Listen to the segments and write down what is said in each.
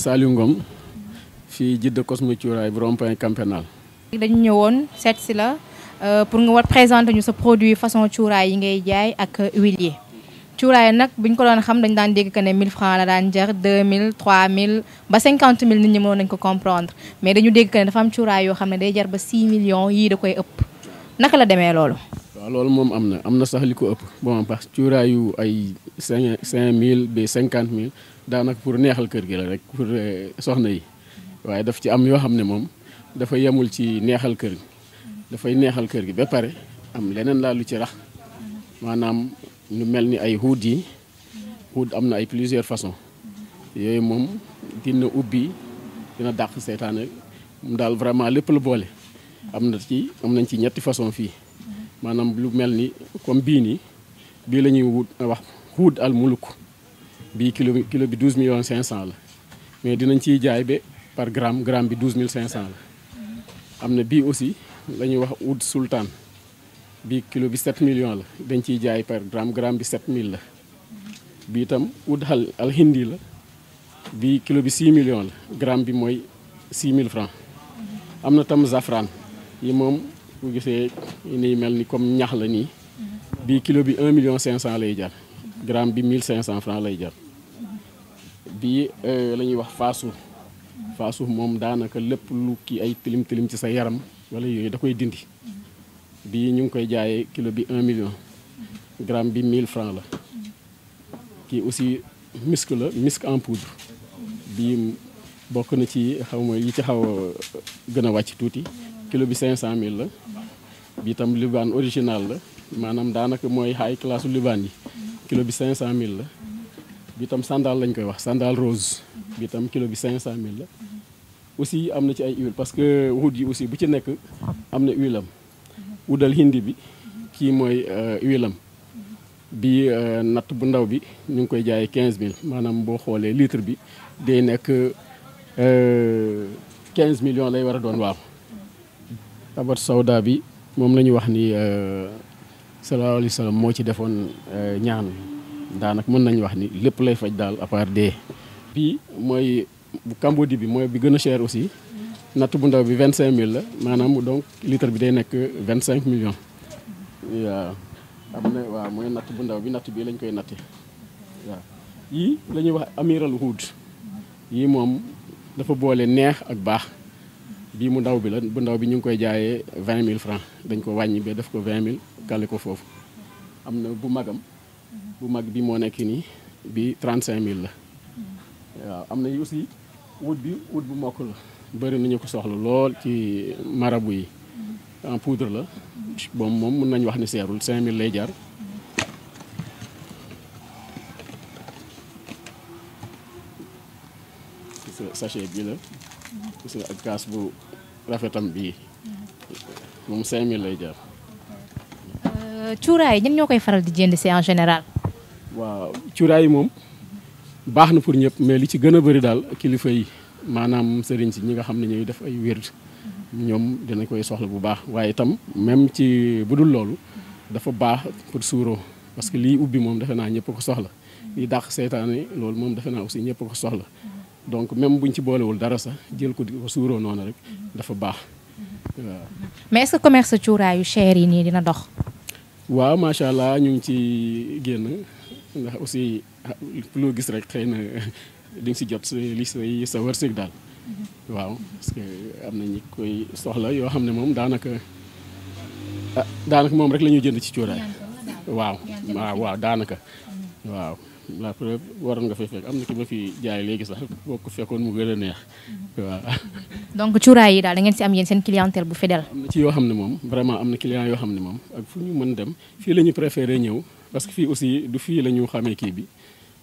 Saliou Ngom fii Jidda Cosmo Cuuraay bu rond-point Camp Pénal dañu ñëwoon seet si la euh, pour nga war présente ñu sa produit façon cuuraay yi ngay jaay ak huile yi cuuraay nag bu ñu ko doon xam dañ daan dégg que ne 1000 francs la daan jar 2000 3000 ba 50 000 nit ñi mënoon nañ ko comprendre mais dañu dégg que ne dafa am cuuraay yoo xam ne day jar ba 6 millions yii da koy ëpp naka la demee loolu waaw loolu moom am na am na sax li ko ëpp bon parce que cuuraayu ay cinq cinq mille bi cinquante mille daanaka pour neexal kër gi la rek pour euh, soxna yi waaye daf ci am yoo xam ne moom dafa yemul ci neexal kër gi dafay neexal kër gi ba pare am leneen laa lu ci rax maanaam lu mel ni ay xuut yi xuut am na ay plusieurs façons yooyu moom dina ubbi dina dàq seytaane mu daal vraiment lépp la boole am na ci am nañ ci ñetti façon fii manam lu Melni comme euh, al muluk bi kilo bi douze millions cinq la mais dinañ par gramme gramme bi douze mille la aussi oud sultan bi kilo bi sept millions la dañ par gramme gramme bi sept la al bi six millions gramme bi moy six francs zafran bu gisee ni mel ni comme ñax la nii bii kilo bi un million cinq cent lay jar gramme bi mille cinq cent franc lay jar bii euh, la ñuy wax faasuuf faasuuf moom daanaka lépp lu kii ay tilim tilim ci sa yaram wala yooyu da koy dindi bii ñu ngi koy jaaye kilo bi un million gramme bi mille franc la kii aussi musc la musc en poudre bii bokk na ci xaw ma yi ci xaw a gën a wàcc tuuti kilo bi cinq cent mille la bi tam liban original la manam danaka moy high class liban yi kilo bi 500000 la bi tam sandal lañ koy wax sandal rose bi tam kilo bi 500000 la aussi amna ci ay huile parce que wood yi aussi bu ci nek amna huile am wudal hindi bi ki moy euh, huile am bi euh, nat bu ndaw bi ñu ngi koy jaay 15000 manam bo xolé litre bi day nek euh 15 millions lay wara a doon waaw tabat sauda bi moom la ñu wax ni euh, sallallahu alayhi moo ci defoon euh, ñaan daanaka mën nañu wax ni lépp lay faj daal à part dee. bii mooy bu Cambodie bi mooy bi gën a cher aussi natt bu ndaw bi vingt cinq mille la maanaam donc litre bi day nekk vingt cinq million waaw. natt bu ndaw bi natt bii lañ koy natte waaw yii wax amiral Oud yii moom dafa boole neex ak baax. bii mu ndaw bi la bu ndaw bi ñu ngi koy jaayee vingt mille francs dañ ko wàññi bee def ko vingt mille gàlle ko foofu am na bu magam bu mag bi moo nekk nii bi trente cinq mille la waaw am na aussi wut bi wut bu mokk la bëri nañu ko soxla lool ci marabu yi en poudre la boobu moom mun nañu wax ne seerul cinq mille lay jar sachet bi gis nga ak kaas bii moom 5000 lay jar. Euh, cuuraay ñan ñoo koy faral di jënd si en général. waaw cuuraay yi moom baax na pour ñëpp mais li ci gën a bëri daal kilifa yi maanaam sëriñ si ñi nga xam ne ñuy def ay wér ñoom dina koy soxla bu baax waaye itam même ci bu dul loolu dafa baax pour suuroo parce que liy ubbi moom defe naa ñëpp ko soxla. liy dàq seytaane loolu moom defe naa aussi ñëpp ko soxla. donc même buñ ci boolewul dara sax jël ko di ko suuroo noonu rek mhm. dafa baax waaw. mais est-ce que commerce cuuraayu cher yi nii dina dox. waaw macha allah ñu ngi ci génn ndax aussi ah, loo gis rek xëy na di si jot li say sa wërsëg daal. Mhm. waaw parce que am na ñi koy soxla yoo xam ne moom daanaka ah, daanaka moom rek la ñuy jënd ci cuuraay. waaw waaw waaw daanaka mhm. waaw. la preuve waroon nga fay fekk am na ki ma fi jaay léegi sax boo ko fekkoon mu gën a neex waaw. donc cuuraay yi daal da ngeen si am yéen seen clientèle bu fidèle. am na ci yoo xam ne moom vraiment am na client yoo xam ne moom ak fu ñu mën dem fii la ñu préféré ñëw parce que fii aussi du fii la ñu xamee kii bi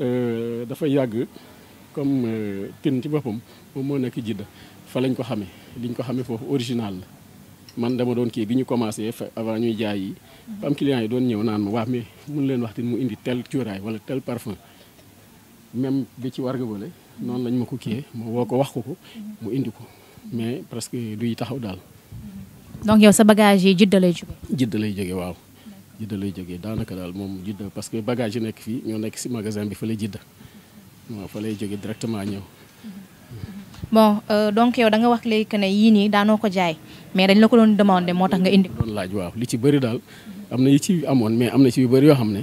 euh, dafa yàgg comme euh, tin ci boppam moom moo nekk jidda fa lañ ko xamee liñ ko xamee foofu original la. man dama doon kii bi ñu commencé avant ñuy jaay yi am client yi doon ñëw naan ma waa mais mun leen wax te mu indi tel cuuraay wala tel parfum même bi ci warga bële noonu lañ ma ko kiyee ma woo ko wax ko ko mu indi ko mais presque duy taxaw daal. donc yow sa bagage yi jidda lay jóge. jidda lay jóge waaw. jidda lay jógee daanaka daal moom jidda parce que bagage yi nekk fii ñoo nekk si magasin bi fa lay jidda waaw fa lay jóge directement ñëw. bon euh, mais dañ la ko doon demandé moo tax nga indi. doon laaj waaw li ci bëri daal am na yi ci amoon mais am na ci yu bëri yoo xam ne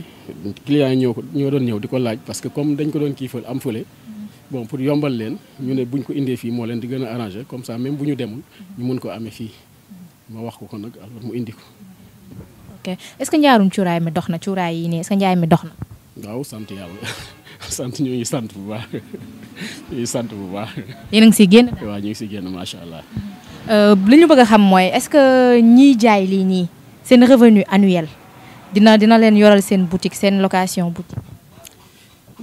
clients yi ko ñoo doon ñëw di ko laaj parce que comme dañ ko doon kii fël am fële. bon yombal leen ñu ne buñ ko indee fii moo leen di gën arrangé comme ça même bu ñu demul ñu mun ko amee fii ma wax ko kon nag alors mu indi ko. ok est ce que njaarum cuuraay mi dox na cuuraay yi nii est ce mi dox na. waaw sant yàlla sant ñoo sant bu baax ñoo ngi sant bu baax. yéen a ngi génn. waaw ñu ngi si génn macha allah. Euh, li ñu bëgg xam mooy est-ce que ñiy jaay lii c'est seen revenu annuel dina dina leen yoral sen boutique sen location boutique.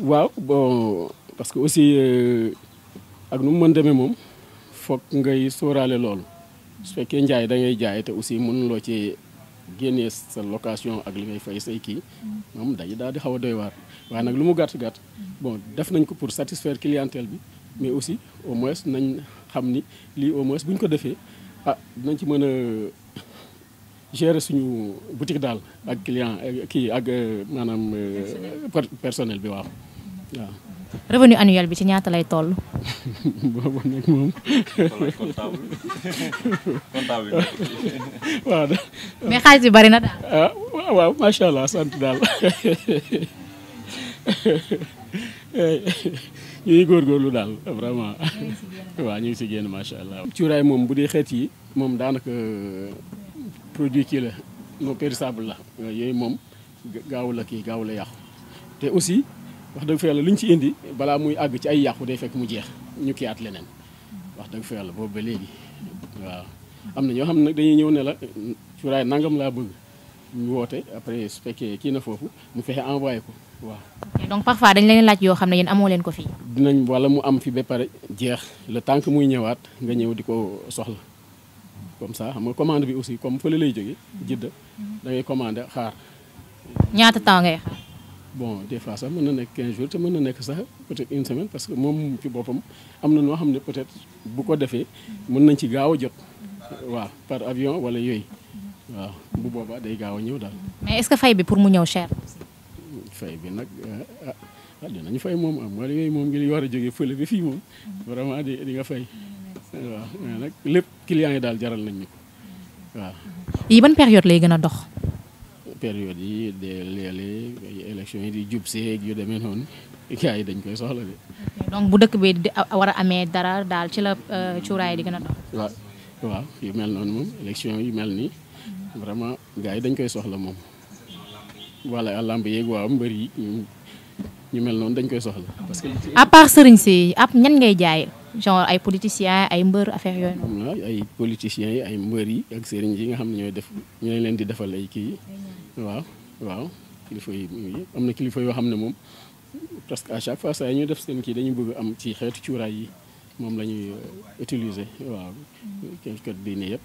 waaw bon parce que aussi euh, ak nu mu mën demee moom foog ngay sóoraale lool su fekkee njaay da ngay jaay té aussi lo ci génné sa location ak li ngay fay say ki mom day da di xaw a doy waar waaye nak lu mu gatt bon def nañ ko pour satisfaire clientèle bi mais aussi au moins nañ. xam ni lii au moins bu ñu ko defee ah dinañ ci mën a gérer suñu boutique daal ak client euh, kii ak euh, maanaam euh, personnel bi waaw waaw. annuel bi ci ñaata lay toll. moom. mais xaalis bi bari na daal. ah waaw macha allah sant daal. ñu ngi góorgóorlu daal vraiment waaw ñu ngi si génn macha allah. cuuraay moom bu dee xeet yi moom daanaka euh, produit kii la non périssable la yooyu moom gaaw la kii gaaw yàqu te aussi wax dëgg fa la lu ci indi balaa muy àgg ci ay yàqu day fekk mu jeex ñu kiyaat leneen wax dëgg fa yàlla boobu ba léegi waaw am na ñoo xam nag dañuy ñëw ne la cuuraay nangam laa bëgg ñu woote après su fekkee kii na foofu mu fexe envoyé ko waaw donc parfois dañ leen laaj yoo xam ne yéen amoo leen ko fii. dinañ wala mu am fi ba pare jeex le temps que muy ñëwaat nga ñëw di ko soxla comme ça xam nga commande bi aussi comme fële lay jóge jidda da ngay xaar. ñaata temps ngay xaar. bon des fois sax mën na nekk 15 jours te mën na nekk sax peut-être une semaine parce que moom ci boppam am na noo xam ne peut-être bu ko defee mën nañ ci gaaw a jot. waaw par avion wala yooyu waaw bu boobaa day gaaw a ñëw daal. fay bi nag ah, ah, ah dinañ fay moom ah, moom ngi war a jógee fële bi fii moom vraiment di di nga fay waaw mais nag lépp clients yi daal jaral nañ ñu ko waaw. ban période lay gën a dox. période yi de léeg-léeg yi di jub seeg yu demee noonu gars yi dañ koy soxla de. donc bu dëkk bi di war a amee dara daal ci la euh, cuuraay di gën a dox. waaw yu mel noonu moom élection yu mel nii vraiment gars yi dañ koy soxla moom. voilà làmb yeeg waaw mbër yi ñu mel noonu dañ koy soxla. parce que à part sëriñ si ab ngay jaay genre ay politiciens ay mbër affaire yooyu. waaw ay politiciens yi ay mbër yi ak sëriñ yi nga xam ne ñooy def ñu leen di defal ay kii yi waaw waaw kilifa am na kilifa yoo xam ne moom. parce que à chaque fois saa yi ñu def seen kii dañu bëgg am ci xeetu cuuraay yi moom la ñuy euh, waaw. kër diine yëpp.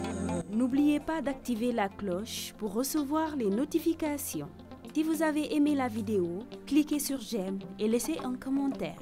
N'oubliez pas d'activer la cloche pour recevoir les notifications. Si vous avez aimé la vidéo, cliquez sur j'aime et laissez un commentaire.